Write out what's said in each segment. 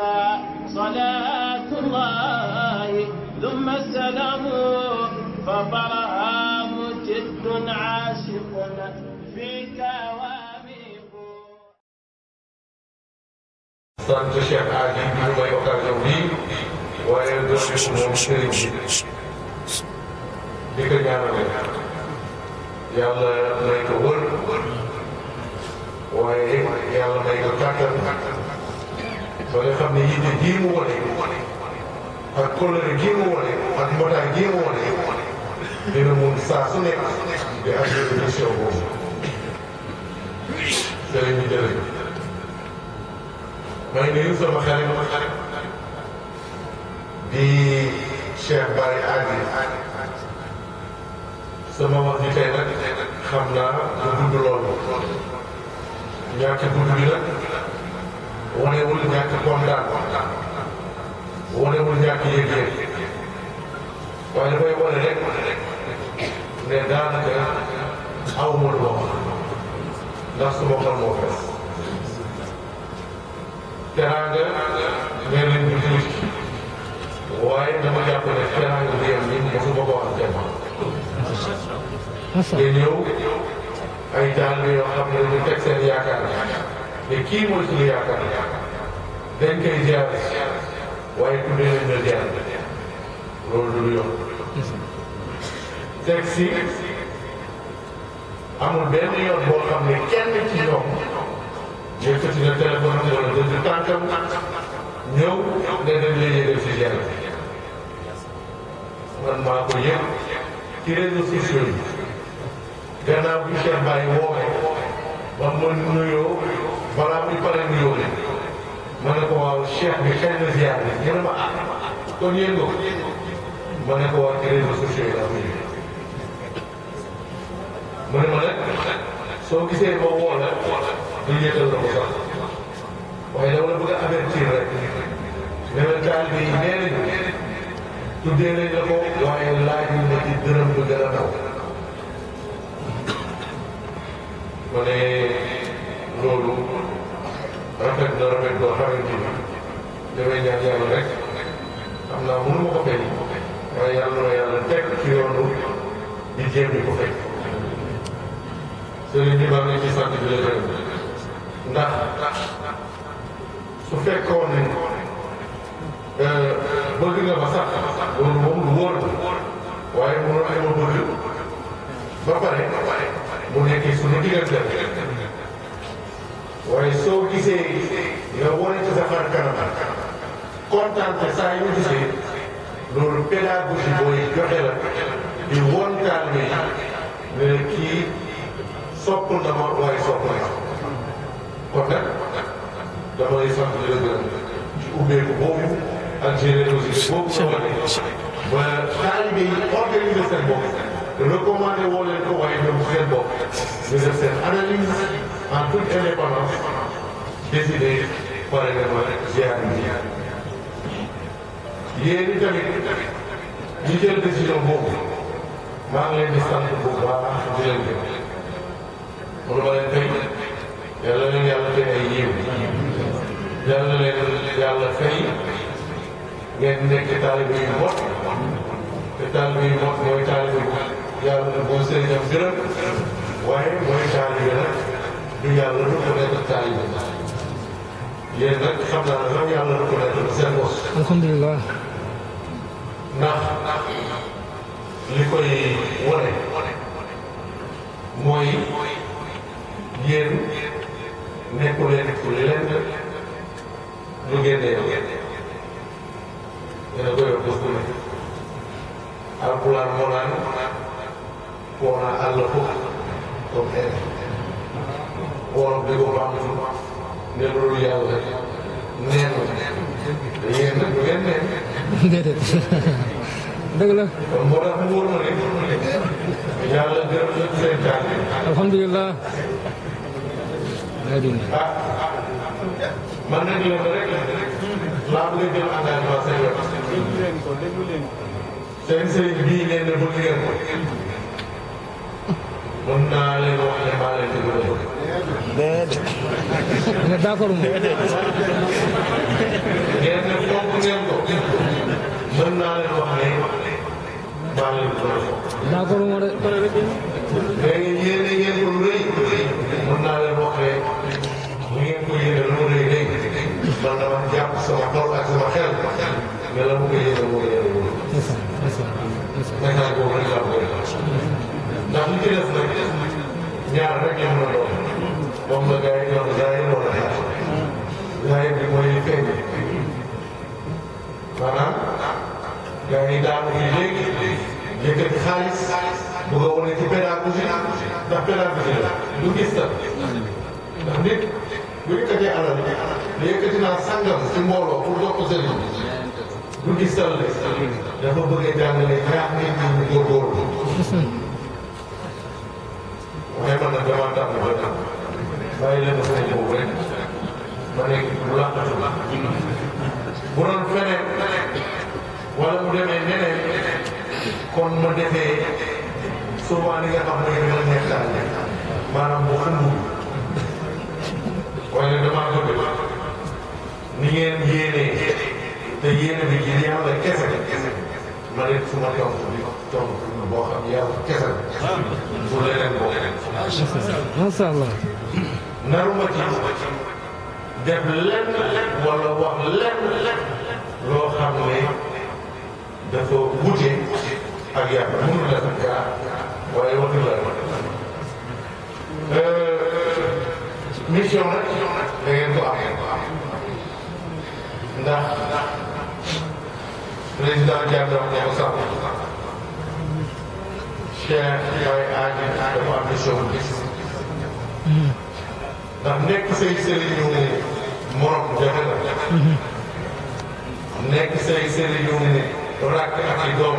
عليك صلاة الله ثم السلام فطرها مجد عاشق فيك واميق طلبت الشيخ عادل من ويقال توحيد ويرجو منكم المسلمين ذكر جامعه yàlla may ko wër waaye yàlla may ko kàttan ba nga xam ne yite gii mu ak kóllëre gii mu wone ak mbootaay gii mu dina mun saa su nekk di assurer mission di Cheikh Baye Adi sama wax ji tey nag xam naa du gudd loolu ñàkk gudd bi nag wonewul ñàkk kontaan wonewul ñàkk yëg-yëg waaye dafay wane rek ne daanaka aw ma lu wax ndax su ma xol moo fees teraanga nee nañ ñu nit waaye dama jàpp ne teraanga bi yem ko wax kenn. te ñëw ay daal yoo xam ne ñu teg seen te kii mooy suñu yaakaar dañ koy ziar waaye tuddee leen na ziar loolu du lu yomb. teg si amul benn yoon boo xam ne kenn ci ñoom yëkkati na téléphone am wala jënd tànkam ñëw ne maa ko yëg ci réseaux sociaux yi gannaaw bi Cheikh Baye woowe balaa muy pare mu yóole ma ne ko waaw cheikh bi na ziar bi ñu ne ma ah kon yéen ko waa ci réseaux sociaux yi laa koy yëg mu ne ma nag soo la du yëkkal la ko sax waaye dama la bëgg a avertir rek ne la taalibe yi nee nañu tuddee la ko waaye laaju na ci dërëm lu gën a daw ma ne loolu. rafet na rafet boo xamante ni damay ñaan yàlla rek xam naa mënu ma ko fay waaye yàlla na yàlla teg ci yoonu di jéem di ko fay. sëriñ bi maa ngi ci sant bi la gërëm ndax su fekkoon ne euh, bëgg nga ba sax loolu moom lu wóor la waaye mënoo ay ma bëgg ba pare mu nekk suñu diggante waaye soo gisee nga wane ci sa xar kanam kontaan te saa yu gisee loolu pédagogie booy joxe di won taalibe yi soppul na waaye sopp na kon dama lay sant di la gërëm ci ba taalibe yi organiser seen bopp recommandé woo leen ko waaye ñoom seen bopp ñu seen analyse en toute indépendance décidé pare na ma ziar yi. yéen i tamit ñi jël décision boobu maa ngi leen di sant bu baax di leen gën. mënu ma leen fay yàlla leen yàlla fay ay yiw yàlla leen yàlla fay ngeen nekk taalibe yu mot te taalibe yu mot mooy taalibe yàlla boo sëriñam gërëm waaye mooy taalibe nag. du yàlla reconnaître taalibe yéen nag xam naa ne loolu yàlla reconnaître na li koy wane mooy yéen nekkul leen ku lenn lu génnee yow. yéen a koy wax bés bu ne. alquran moo naan koo naa àll woon déggoo baax na fi loolu yàlla neen la te yéen nag du ngeen neen. déedéet dëgg la. kon moo tax mu wóor ma ne yàlla gërëm la seen jàng. alhamdulilah. ah man nag la rek laa bëgg a jël engagement seen wet. seen sëriñ bii nee na bëgg ngeen ko. mën naa leen wax ne maa leen di gërëm déedéet. mais d'accord moom. déedéet. ngeen ne fonk ngeen ko. mën naa leen wax ne. maa leen doon. d'accord moom de. léegi yéen a ngeen ko rëy. mën naa leen wax ne. bu ngeen ko yéene lu rëy rëy. man dama jàpp sama xol ak sama xel. mais la mu ko yéene moo yéene. c'est ça c'est ça. feeñ maanaam gars yi daan nañu léegi yëkkati xaalis bu ko wane ci pédagogie ndax pédagogie la du gis tam ndax nit bu alal li yëkkati naa sangam ci mbooloo pour jox ko du gis tal de dafa bëgg a jàngale ñaax nit ñi ñu góorgóorlu waaye man nag damaa tàmm ba tàmm bàyyi leen ko ba léegi du làqatu bu doon feneen wala mu demee neneen kon mu defee souvent li nga xam ne dina nekk daal maanaam bu xandu waaye damaa bëgg ni ngeen yéenee te yéene bi ji yàlla kese ma leen su ma tomb bi tomb boo xam yàlla kese la bu leneen boo. macha allah. naruma ci. def lenn wala wax lenn loo xam ne dafa wute ak yàlla mënul la gaa waaye waxi la euh, mission nag da ngeen ko am ndax président Diagne wax na ko sànq Cheikh Baye Adji dafa am mission bu gis ndax nekk say sëriñu morom jafe la. nekk say sëriñ yu ne rakk ak i doom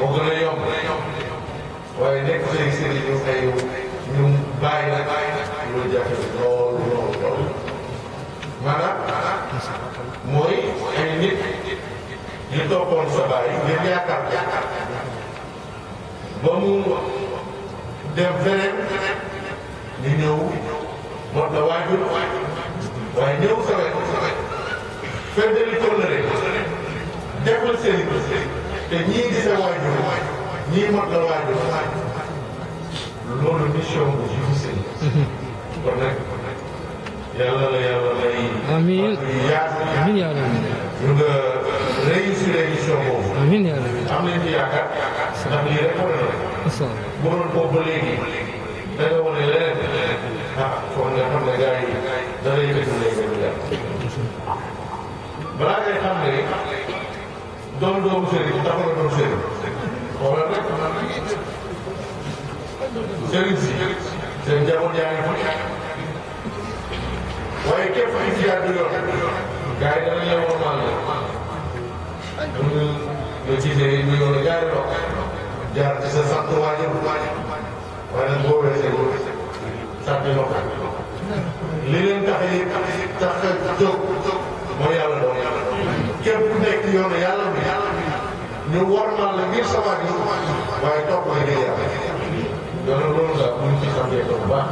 moo gën a yomb waaye nekk say sëriñ yu ay ñu bàyyi la lu jafe lool lool lool maanaam mooy ay nit yu toppoon sa baay ngir yaakaar ba mu dem feneen ñu ñëw moo tax waajur waaye ñëw sa wet feddali kóllëre defal sëriñ te ñii di sa waajur ñii mot la waajur loolu mission bu jiw sëriñ kon nag yàlla la yàlla lay amiin amiin yaa rabbi ñu nga réussir émission boobu amiin yaa rabbi am nañ ci yaakaar ndax lii rek wane na bu doon boobu ba léegi da nga wane leneen ah kon nga xam ne gars yi dana yëkkati lay gën a jàpp balaa ngay xam ne doon doomu sëriñ tax nga doon sëriñ xoolal rek sëriñ si seen njaboot yaa ngi fa waaye képp ku ci jaar du yoon gars yi danañ la wormaal la mun nga gisee ñu yoon ñaari loxo jaar ci sa sant waajur waaye nag boo weesee sant loxo li leen tax yi tax a jóg mooy yàlla doon képp nekk yoonu yàlla bi ñu wormal la ngir sama bi waaye topp la ngir yàlla doona loolu la buñ ci santee ko bu baax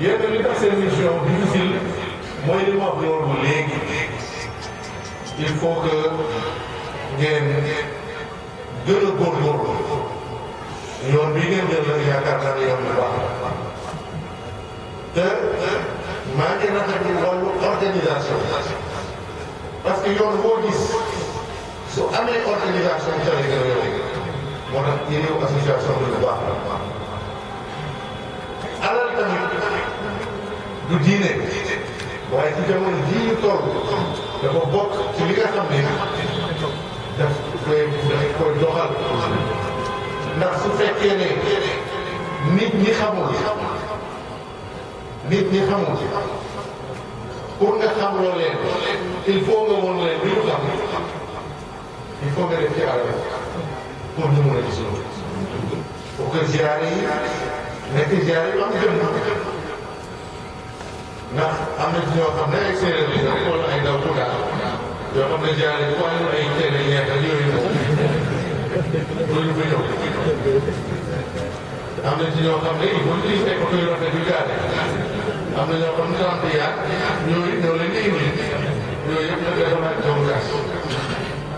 yéen li tax seen mission difficile mooy li wax loolu léegi il faut que ngeen gën a góorgóorlu yoon bi ngeen jël la yaakaar yoon bu baax te maa ngi rafetlu wàllu organisation parce que yoon boo gis su amee organisation bi tamit gën a yore moo tax yéen association lu baax la. alal tamit du diine waaye ci jamono jii ñu toll dafa bokk ci li nga xam ne daf ndax su fekkee ne nit ñi xamul. nit ñi xamul ci pour nga xam loo leen il faut nga woon leen li ñu xam il faut nga def ci àll pour ñu mën a gis loolu. pour que ziare yi nekk ziare yu am jëm ndax am na ci ñoo xam ne ay séeréer yi sax wala ay ndaw tuuta yoo xam ne ziare bu ko amee ay ceeb ay ñeent ak yooyu loolu bu ñëw am na ci ñoo xam ne il faut que ñu teg ko koy rafet du jaare am na ñoo xam ne ñoo yaar ñooñu ñoo leen di indi yooyu yëpp dañ koy defal doomu gaas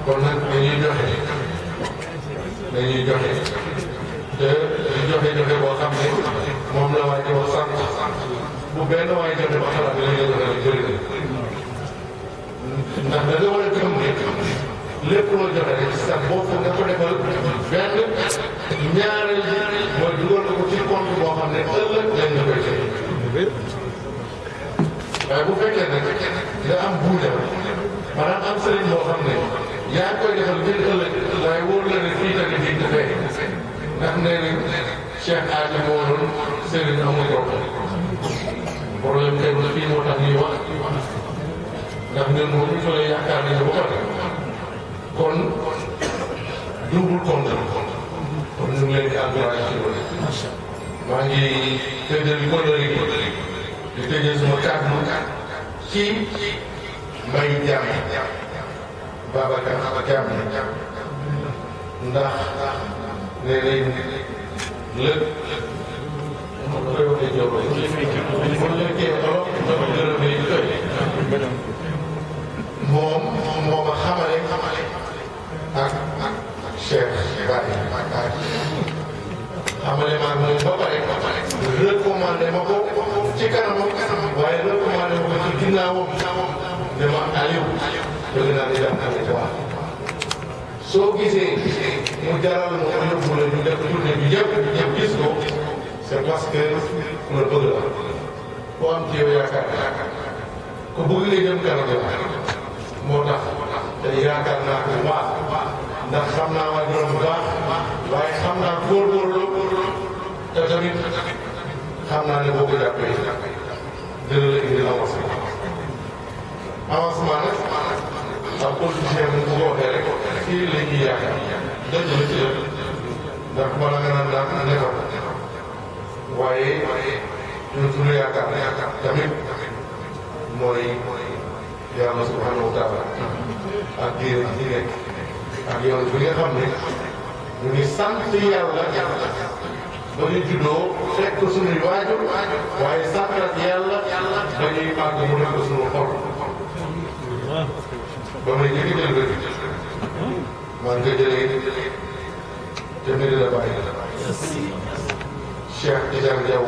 kon nag dañuy joxe dañuy joxe te di joxe joxe boo xam ne moom la waa jox sant bu benn waay joxe ba xalaat dañ koy joxe jërëjëf ndax da nga war a gëm lépp loo joxe rek sax bopp nga ko defal benn ñaareel mooy dugal ko ci compte boo xam ne ëllëg lañ la koy joxe waaye bu fekkee nag nga am buule maanaam am sëriñ boo xam ne yaa koy defal ngir ëllëg waaye la ne fii tamit di ndax nee nañ Cheikh Adja moo doon sëriñ amul problème kay bu fii moo tax ñuy wax ndax ñun moom ñu yaakaar nañu ba pare kon double compte kon ñu ngi leen di encouragé ci loolu maa ngi tëddal ko di tëjee suma kàddu ci mbay jaam Babacar jaam ndax nee nañ lépp moom koy waxee Diop rek. moom la ñu tolloon dafa gërëm di tëj. moom moo ma xamale xamale ak ak Cheikh Baye xamale maa ngi ba pare ba pare recommandé ma ko ci kanamam waaye recommandé ma ko ci ginnaawam ne ma Aliou bëgg naa di jàppale ci soo gisee mu jaral ma ko yóbbu la ñu def tournée bi yëpp ñëpp gis ko c'est parce que ku la bëgg la ku am ku bëgg lay dem kanam la moo tax te yaakaar naa ko bu baax ndax xam naa xam naa ne boo ko jàppee dina la indil avancement avancement nag ak politicien bi bu ko waxee rek kii la ñuy yaakaar dëgg la ci def ndax bala nga naan daan nekkoon waaye ñun suñu yaakaar tamit mooy yàlla subhanahu wa taala ak diine ji nekk ak yoon bi nga xam ne ñu ngi ba ñu juddoo fekk ko suñuy waajur waaye sàkkat yàlla ba ñuy màgg mu ne ko suñu xol ba may njëkk jël ko maa ngi koy jëlee te mbir la bàyyi Cheikh Tidiane Diaw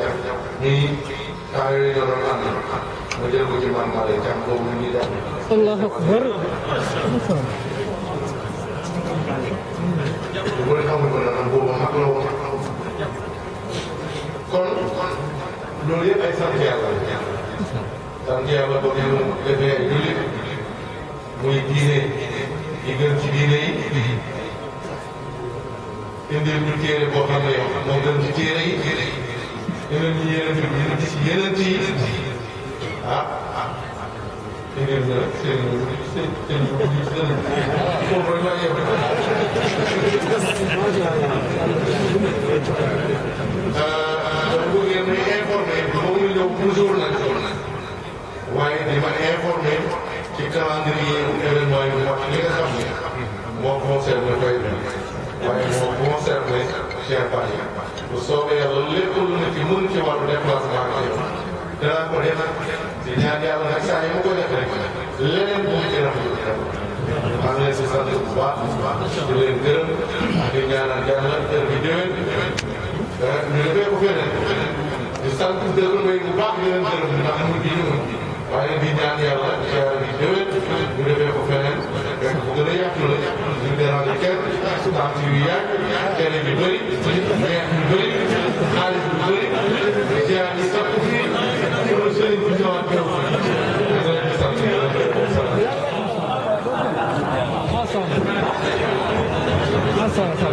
ñii temps yooyu ñu doon ànd ma jël ko ci man maa lay jàng boobu ñu ngi jàng. Allahu akbar. ak sant yàlla sant yàlla ba ngeen defee jullit muy diine yi gën ci diine yi indil ñu téere boo xam ne moo gën ci téere yi indil ñu yeneen yi ci yeneen yi ah indil na seen seen seen seen moom mooy maa yeewu dafa dama bëggee may informé moom ñu ñëw toujours nag jour nag waaye di ma informé ci calendrier événement yi wax li nga xam ne moo concerné koy bi waaye moo concerné cher Paris bu soobee yàlla lépp lu ne ci mën ci wàllu déplacement ak yow danaa ko def di ñaan yàlla nag saa yi ma ko def rek leneen bu mu ci rafetlu maa ngi leen di sant bu baax di leen gërëm di ñaanal yàlla kër gi déwén mais da koy ko feneen di sant dëgg mbay bu baax di leen gërëm ndax mu ngi ñu ngi waaye di ñaan yàlla di déwén bu defee ko feneen rek bu gën a yàqu la ñu déranger kenn temps yu yàgg télé bi bëri neex bi bëri xaalis bi bëri ziar yi sax fii ci la sëriñ bi ñëwaat ñëw di sant di leen sant